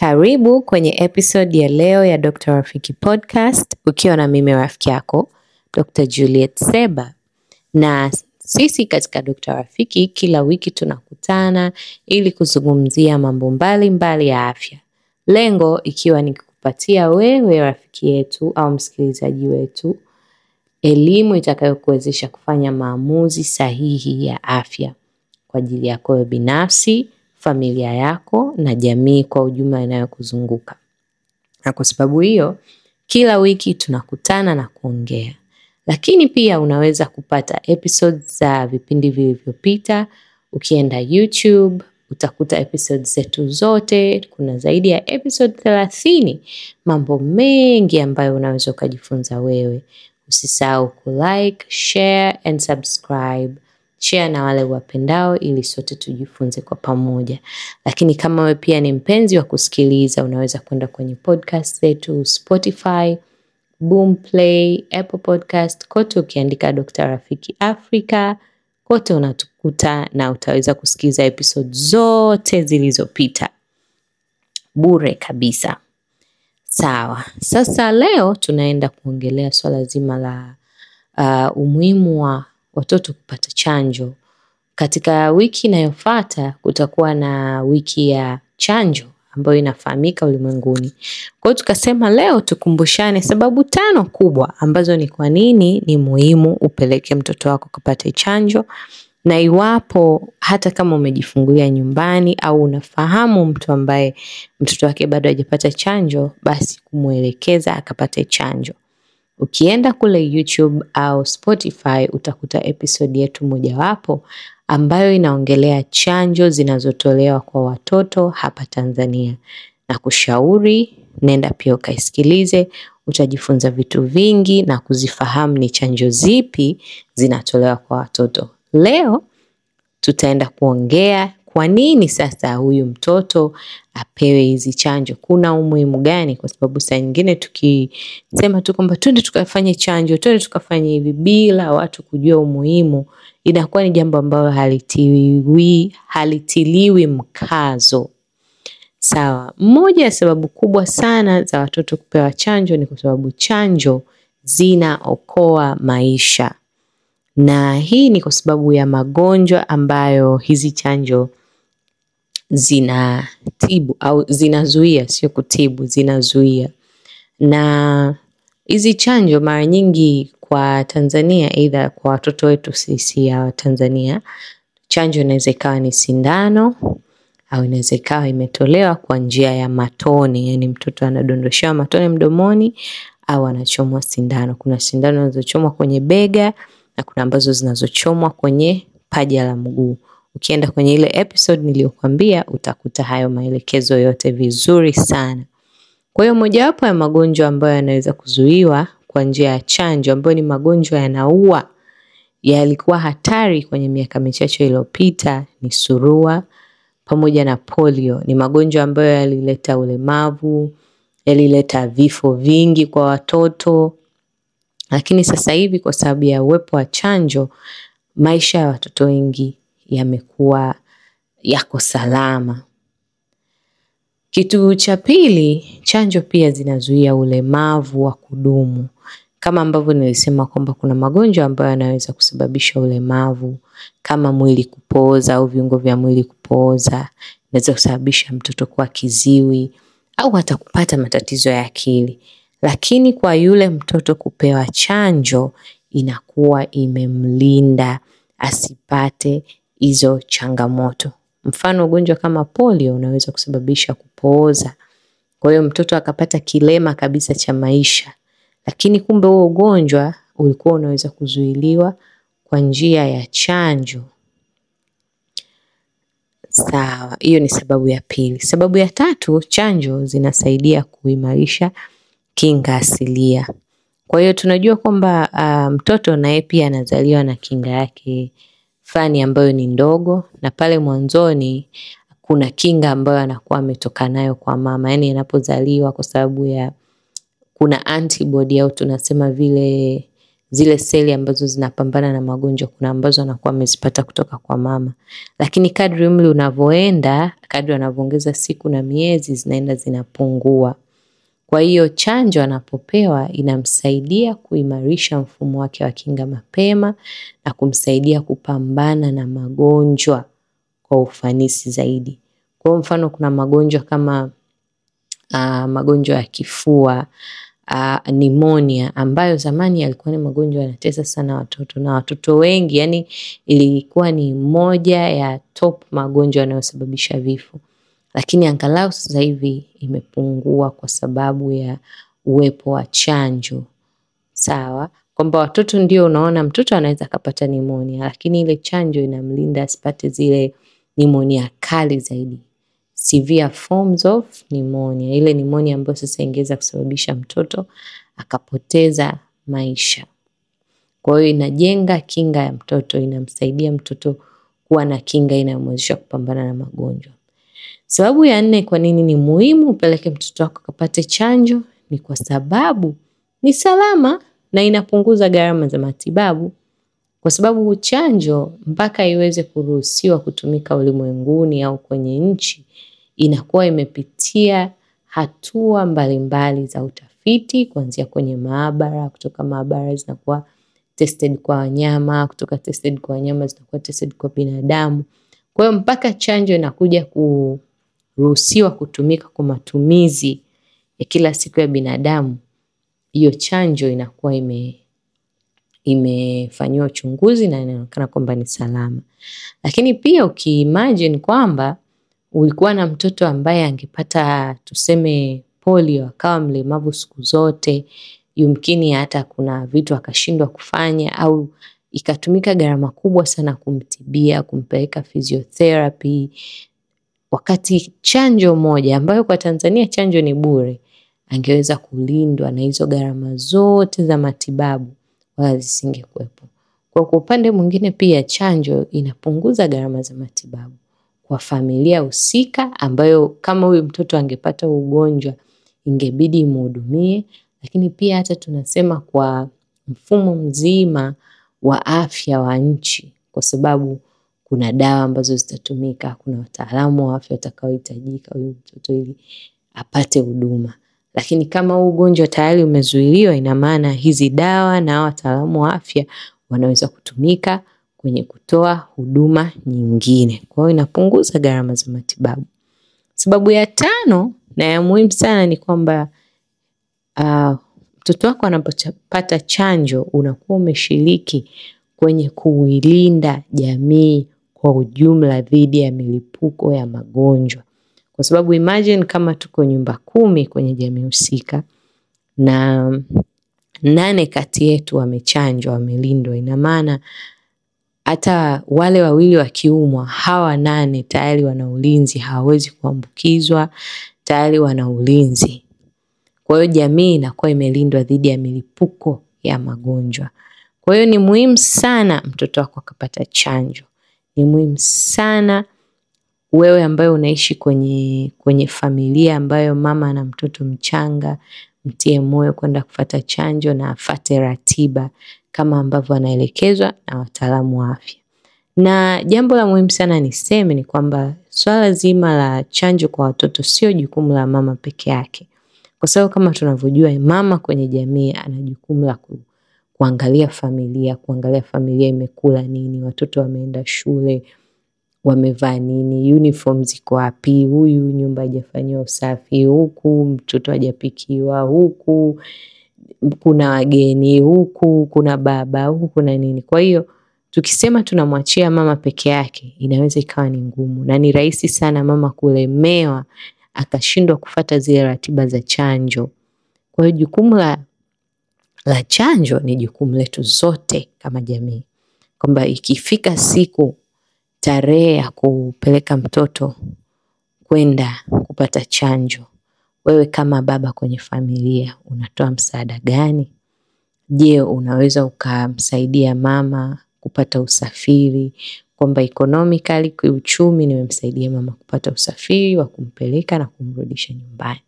Karibu kwenye episode ya leo ya Dr. Rafiki Podcast ukiwa na mimi rafiki yako Dr. Juliet Seba. Na sisi katika Dr. Rafiki kila wiki tunakutana ili kuzungumzia mambo mbalimbali mbali ya afya. Lengo ikiwa ni kukupatia wewe rafiki yetu au msikilizaji wetu elimu itakayokuwezesha kufanya maamuzi sahihi ya afya kwa ajili yako binafsi familia yako na jamii kwa ujumla inayokuzunguka. Na kwa sababu hiyo, kila wiki tunakutana na kuongea, lakini pia unaweza kupata episodes za vipindi vilivyopita. Ukienda YouTube utakuta episodes zetu zote. Kuna zaidi ya episode thelathini, mambo mengi ambayo unaweza ukajifunza wewe. Usisahau kulike, share and subscribe share na wale uwapendao, ili sote tujifunze kwa pamoja. Lakini kama wewe pia ni mpenzi wa kusikiliza, unaweza kwenda kwenye podcast zetu Spotify, Boomplay, Apple Podcast, kote ukiandika Dokta Rafiki Africa kote unatukuta, na utaweza kusikiliza episode zote zilizopita bure kabisa. Sawa, sasa leo tunaenda kuongelea swala zima la uh, umuhimu wa watoto kupata chanjo. Katika wiki inayofuata kutakuwa na wiki ya chanjo ambayo inafahamika ulimwenguni. Kwa hiyo tukasema leo tukumbushane sababu tano kubwa ambazo ni kwa nini ni muhimu upeleke mtoto wako kupata chanjo, na iwapo hata kama umejifungulia nyumbani au unafahamu mtu ambaye mtoto wake bado hajapata chanjo, basi kumwelekeza akapate chanjo. Ukienda kule YouTube au Spotify utakuta episodi yetu mojawapo ambayo inaongelea chanjo zinazotolewa kwa watoto hapa Tanzania. Na kushauri nenda pia ukaisikilize, utajifunza vitu vingi na kuzifahamu ni chanjo zipi zinatolewa kwa watoto. Leo tutaenda kuongea kwa nini sasa huyu mtoto apewe hizi chanjo, kuna umuhimu gani? Kwa sababu saa nyingine tukisema tu kwamba twende tukafanye chanjo, twende tukafanye hivi, bila watu kujua umuhimu, inakuwa ni jambo ambalo halitiliwi, halitiliwi mkazo. Sawa. Moja ya sababu kubwa sana za watoto kupewa chanjo ni kwa sababu chanjo zinaokoa maisha, na hii ni kwa sababu ya magonjwa ambayo hizi chanjo zinatibu au zinazuia, sio kutibu, zinazuia. Na hizi chanjo mara nyingi kwa Tanzania, aidha kwa watoto wetu sisi ya Tanzania, chanjo inaweza ikawa ni sindano au inaweza ikawa imetolewa kwa njia ya matone, yani mtoto anadondoshewa matone mdomoni au anachomwa sindano. Kuna sindano zinazochomwa kwenye bega na kuna ambazo zinazochomwa kwenye paja la mguu. Ukienda kwenye ile episode niliyokuambia utakuta hayo maelekezo yote vizuri sana. Kwa hiyo mojawapo ya magonjwa ambayo yanaweza kuzuiwa kwa njia ya chanjo ambayo ni magonjwa yanaua, yalikuwa hatari kwenye miaka michache iliyopita ni surua pamoja na polio. Ni magonjwa ambayo yalileta ulemavu, yalileta vifo vingi kwa watoto, lakini sasa hivi kwa sababu ya uwepo wa chanjo, maisha ya watoto wengi yamekuwa yako salama. Kitu cha pili, chanjo pia zinazuia ulemavu wa kudumu. Kama ambavyo nilisema kwamba kuna magonjwa ambayo yanaweza kusababisha ulemavu kama mwili kupooza au viungo vya mwili kupooza, inaweza kusababisha mtoto kuwa kiziwi au hata kupata matatizo ya akili. Lakini kwa yule mtoto kupewa chanjo, inakuwa imemlinda asipate hizo changamoto. Mfano, ugonjwa kama polio unaweza kusababisha kupooza, kwa hiyo mtoto akapata kilema kabisa cha maisha, lakini kumbe huo ugonjwa ulikuwa unaweza kuzuiliwa kwa njia ya chanjo. Sawa, hiyo ni sababu ya pili. Sababu ya tatu, chanjo zinasaidia kuimarisha kinga asilia. Kwa hiyo tunajua kwamba uh, mtoto naye pia anazaliwa na kinga yake fani ambayo ni ndogo, na pale mwanzoni kuna kinga ambayo anakuwa ametoka nayo kwa mama, yaani anapozaliwa, kwa sababu ya kuna antibody au tunasema vile zile seli ambazo zinapambana na magonjwa kuna ambazo anakuwa amezipata kutoka kwa mama, lakini kadri umri unavyoenda, kadri anavyoongeza siku na miezi, zinaenda zinapungua. Kwa hiyo chanjo anapopewa inamsaidia kuimarisha mfumo wake wa kinga mapema na kumsaidia kupambana na magonjwa kwa ufanisi zaidi. Kwa mfano kuna magonjwa kama uh, magonjwa ya kifua uh, ah, nimonia ambayo zamani yalikuwa ni magonjwa yanatesa sana watoto na watoto wengi, yani ilikuwa ni moja ya top magonjwa yanayosababisha vifo lakini angalau sasa hivi imepungua kwa sababu ya uwepo wa chanjo. Sawa, kwamba watoto ndio, unaona mtoto anaweza akapata nimonia, lakini ile chanjo inamlinda asipate zile nimonia kali zaidi, severe forms of nimonia ile nimonia ambayo sasa ingeweza kusababisha mtoto akapoteza maisha. Kwa hiyo inajenga kinga ya mtoto, inamsaidia mtoto kuwa na kinga inayomwezesha kupambana na magonjwa. Sababu ya nne kwa nini ni muhimu upeleke mtoto wako akapate chanjo ni kwa sababu ni salama na inapunguza gharama za matibabu, kwa sababu chanjo mpaka iweze kuruhusiwa kutumika ulimwenguni au kwenye nchi inakuwa imepitia hatua mbalimbali za utafiti, kuanzia kwenye maabara, kutoka maabara zinakuwa tested kwa wanyama, kutoka tested kwa wanyama zinakuwa tested kwa binadamu. Kwa hiyo mpaka chanjo inakuja kuruhusiwa kutumika kwa matumizi ya kila siku ya binadamu, hiyo chanjo inakuwa ime imefanyiwa uchunguzi na inaonekana kwamba ni salama. Lakini pia ukiimagine kwamba ulikuwa na mtoto ambaye angepata tuseme polio akawa mlemavu siku zote, yumkini hata kuna vitu akashindwa kufanya au ikatumika gharama kubwa sana kumtibia, kumpeleka physiotherapy, wakati chanjo moja ambayo kwa Tanzania chanjo ni bure angeweza kulindwa na hizo gharama zote za matibabu wala zisingekuwepo. Kwa upande mwingine, pia chanjo inapunguza gharama za matibabu kwa familia husika, ambayo kama huyu mtoto angepata ugonjwa ingebidi imhudumie, lakini pia hata tunasema kwa mfumo mzima wa afya wa nchi, kwa sababu kuna dawa ambazo zitatumika, kuna wataalamu wa afya watakaohitajika huyu mtoto ili apate huduma. Lakini kama huu ugonjwa tayari umezuiliwa, ina maana hizi dawa na wataalamu wa afya wanaweza kutumika kwenye kutoa huduma nyingine. Kwa hiyo inapunguza gharama za matibabu. Sababu ya tano na ya muhimu sana ni kwamba uh, Mtoto wako anapopata chanjo, unakuwa umeshiriki kwenye kuilinda jamii kwa ujumla dhidi ya milipuko ya magonjwa, kwa sababu imagine kama tuko nyumba kumi kwenye jamii husika na nane kati yetu wamechanjwa, wamelindwa, ina maana hata wale wawili wakiumwa, hawa nane tayari wana ulinzi, hawawezi kuambukizwa, tayari wana ulinzi. Kwa hiyo jamii inakuwa imelindwa dhidi ya milipuko ya magonjwa. Kwa hiyo ni muhimu sana mtoto wako akapata chanjo. Ni muhimu sana wewe ambaye unaishi kwenye, kwenye familia ambayo mama na mtoto mchanga, mtie moyo kwenda kufata chanjo na afate ratiba kama ambavyo anaelekezwa na wataalamu wa afya. Na jambo la muhimu sana niseme ni kwamba swala zima la chanjo kwa watoto sio jukumu la mama peke yake kwa sababu kama tunavyojua mama kwenye jamii ana jukumu la kuangalia familia, kuangalia familia imekula nini, watoto wameenda shule wamevaa nini, uniform ziko wapi, huyu nyumba haijafanyiwa usafi, huku mtoto hajapikiwa, huku kuna wageni, huku kuna baba, huku kuna nini. Kwa hiyo tukisema tunamwachia mama peke yake, inaweza ikawa ni ngumu, na ni rahisi sana mama kulemewa akashindwa kufata zile ratiba za chanjo. Kwa hiyo jukumu la, la chanjo ni jukumu letu zote kama jamii, kwamba ikifika siku tarehe ya kupeleka mtoto kwenda kupata chanjo, wewe kama baba kwenye familia unatoa msaada gani? Je, unaweza ukamsaidia mama kupata usafiri kwamba economically, kiuchumi, nimemsaidia mama kupata usafiri wa kumpeleka na kumrudisha nyumbani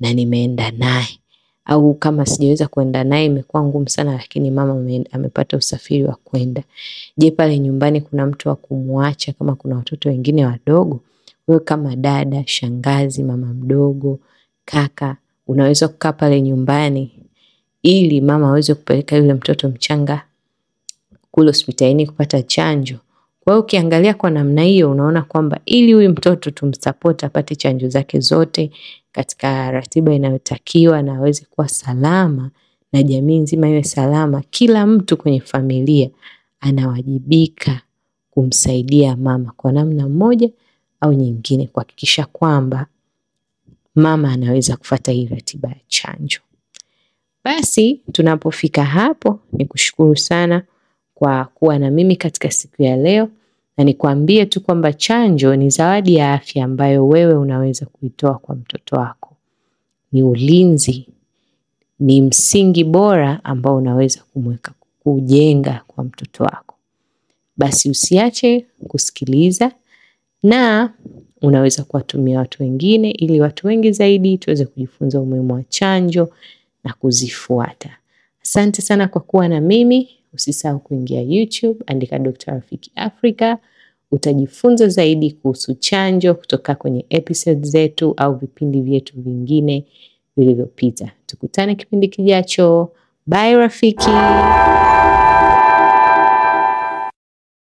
na nimeenda naye au kama sijaweza kwenda naye imekuwa ngumu sana, lakini mama amepata usafiri wa kwenda. Je, pale nyumbani kuna mtu wa kumwacha kama kuna watoto wengine wadogo? Wewe kama dada, shangazi, mama mdogo, kaka, unaweza kukaa pale nyumbani ili mama aweze kupeleka yule mtoto mchanga kule hospitalini kupata chanjo kwa hiyo ukiangalia kwa namna hiyo, unaona kwamba ili huyu mtoto tumsapoti apate chanjo zake zote katika ratiba inayotakiwa na aweze kuwa salama na jamii nzima iwe salama, kila mtu kwenye familia anawajibika kumsaidia mama kwa namna moja au nyingine, kuhakikisha kwamba mama anaweza kufata hii ratiba ya chanjo. Basi tunapofika hapo, ni kushukuru sana kwa kuwa na mimi katika siku ya leo, na nikwambie tu kwamba chanjo ni zawadi ya afya ambayo wewe unaweza kuitoa kwa mtoto wako. Ni ulinzi, ni msingi bora ambao unaweza kumweka kujenga kwa mtoto wako. Basi usiache kusikiliza na unaweza kuwatumia watu wengine, ili watu wengi zaidi tuweze kujifunza umuhimu wa chanjo na kuzifuata. Asante sana kwa kuwa na mimi. Usisahau kuingia YouTube, andika Dr. Rafiki Africa, utajifunza zaidi kuhusu chanjo kutoka kwenye episode zetu au vipindi vyetu vingine vilivyopita. Tukutane kipindi kijacho. Bye rafiki.